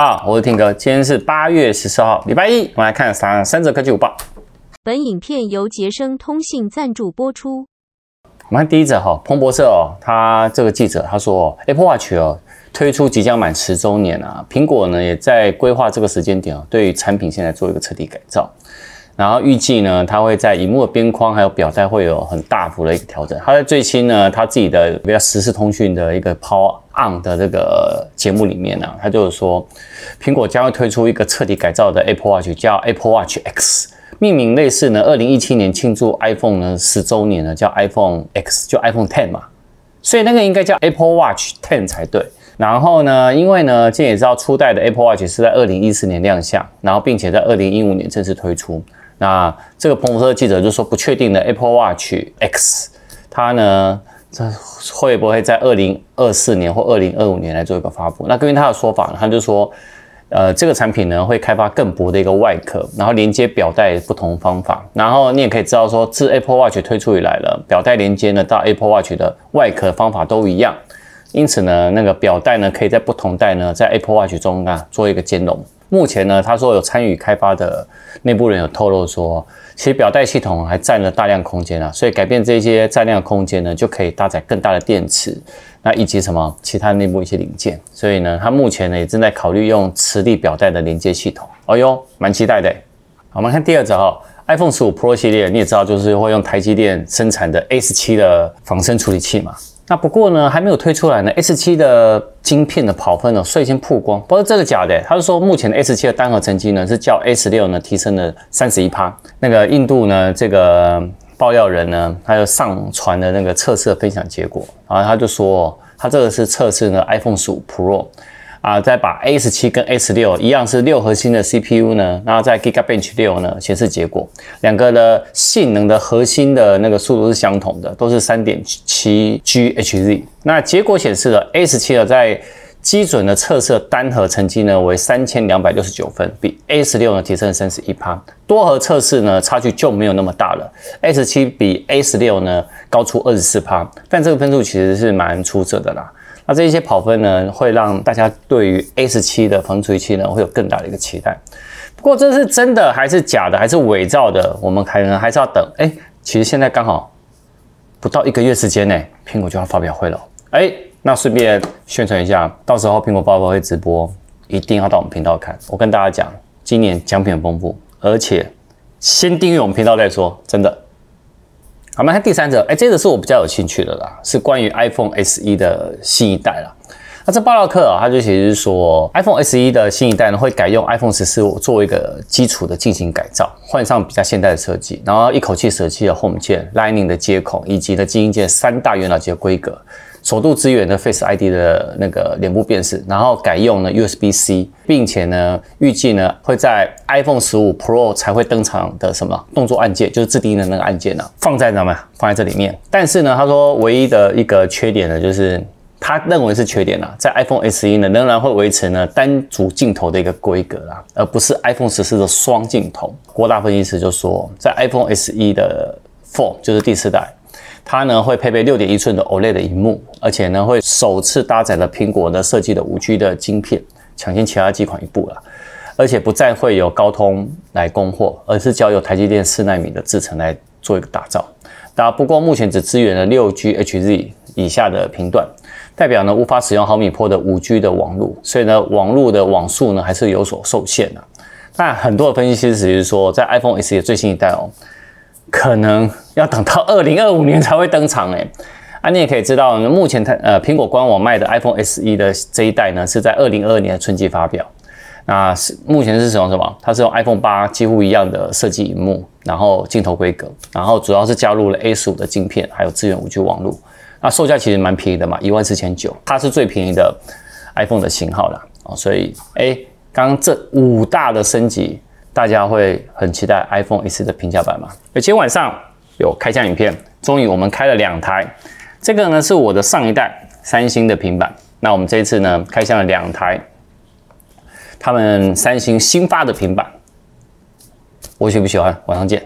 大家好，我是 Tim 哥，今天是八月十四號，禮拜一，我們來看三三則科技午報。本影片由傑昇通信贊助播出。我們看第一則哈，彭博社哦，他這個記者他說 Apple Watch 哦推出即將滿十週年了，蘋果呢也在規劃這個時間點哦，對於產品現在做一個徹底改造，然後預計呢，它會在螢幕的邊框還有錶帶會有很大幅的一個調整。他在最新呢，他自己的比較實時通訊的一個 Power。的這個節目裡面呢、啊，他就是說，蘋果將會推出一個徹底改造的 Apple Watch，叫 Apple Watch X，命名類似呢，二零一七年慶祝 iPhone 呢十週年呢，叫 iPhone X，就 iPhone Ten 嘛，所以那個應該叫 Apple Watch Ten 才對。然後呢，因為呢，我也知道初代的 Apple Watch 是在二零一四年亮相，然後並且在二零一五年正式推出。那這個彭博社記者就說不確定的 Apple Watch X，它呢？這會不會在二零二四年或二零二五年來做一個發布？那根據他的說法，他就說，呃，這個產品呢會開發更薄的一個外殼，然後連接錶帶不同方法，然後你也可以知道說，自 Apple Watch 推出以來了，錶帶連接呢到 Apple Watch 的外殼方法都一樣，因此呢，那個錶帶呢可以在不同代呢在 Apple Watch 中啊做一個兼容。目前呢，他說有參與開發的內部人有透露說，其實表帶系統還占了大量空間啊，所以改變這些占量空間呢，就可以搭載更大的電池，那以及什麼其他內部一些零件。所以呢，他目前呢也正在考慮用磁力表帶的連接系統。哎哦喲，蠻期待的。好，我們看第二則哦。iPhone 十五 Pro 系列，你也知道，就是會用台積電生產的 A17 的仿生處理器嘛。那不過呢，還沒有推出來呢。A17 的晶片的跑分呢，率先曝光。不過這個假的，他是說目前的 A17 的單核成績呢，是較 A16 呢提升了三十一趴。那個印度呢，這個爆料人呢，他就上傳了那個測試分享結果，然後他就說，他這個是測試呢 iPhone 十五 Pro。啊，再把 A17 跟 A16 一樣是六核心的 CPU 呢，然後在 Geekbench 6呢顯示結果，兩個的性能的核心的那個速度是相同的，都是3.7 GHz。那結果顯示了 A17 的在基準的測試的單核成績呢為3269分，比 A16 呢提升31趴。多核測試呢差距就沒有那麼大了，A17 比 A16 呢高出24趴，但這個分數其實是蠻出色的啦。那、啊、這些跑分呢，會讓大家對於 A17 的處理器呢，會有更大的一個期待。不過這是真的還是假的，還是偽造的，我們可能還是要等。哎，其實現在剛好不到一個月時間呢，蘋果就要發表會了。哎，那順便宣傳一下，到時候蘋果發布會直播，一定要到我們頻道看。我跟大家講，今年獎品豐富，而且先訂閱我們頻道再說，真的。我們看第三者，哎、欸，這個是我比較有興趣的啦，是關於 iPhone SE 的新一代啦。那這爆料客啊，他就其實是說，iPhone SE 的新一代呢，會改用 iPhone 十四作為一個基礎的進行改造，換上比較現代的設計，然後一口氣捨棄了 Home 鍵、Lightning 的接口以及的靜音鍵三大元老級的規格。首度支援的 Face ID 的那個臉部辨識，然後改用了 USB-C，並且呢，預計呢會在 iPhone 十五 Pro 才會登場的什麼動作按鍵，就是自定義的那個按鍵呢、啊，放在哪嘛，放在這裡面。但是呢，他說唯一的一個缺點呢，就是他認為是缺點啊，在 iPhone SE 呢仍然會維持呢單組鏡頭的一個規格啦、啊，而不是 iPhone 十四的雙鏡頭。郭大分析師就說，在 iPhone SE 的4就是第四代。它呢會配備六點一寸的 OLED 的屏幕，而且呢會首次搭載了蘋果呢設計的五 G 的晶片，搶先其他幾款一步了，而且不再會有高通來供貨，而是交由台積電四納米的製程來做一個打造。大家不過目前只支援了六 G Hz 以下的頻段，代表呢無法使用毫米波的五 G 的網絡，所以呢網絡的網速呢還是有所受限的。那很多的分析師只是說，在 iPhone SE 的最新一代哦。可能要等到二零二五年才會登場哎、欸，啊，你也可以知道，目前它，呃，蘋果官網賣的 iPhone SE 的這一代呢，是在二零二二年的春季發表，那是目前是什麼什麼？它是用 iPhone 八幾乎一樣的設計、熒幕，然後鏡頭規格，然後主要是加入了 A 十五的晶片，還有支援五 G 網絡，那售價其實蠻便宜的嘛，一萬四千九，它是最便宜的 iPhone 的型號啦。啊，所以誒，剛、欸、這五大的升級。大家會很期待 iPhone X 的平價版嗎？而今天晚上有開箱影片。終於我們開了兩台，這個呢是我的上一代三星的平板。那我們這一次呢，開箱了兩台，他們三星新發的平板。我喜不喜歡？晚上見。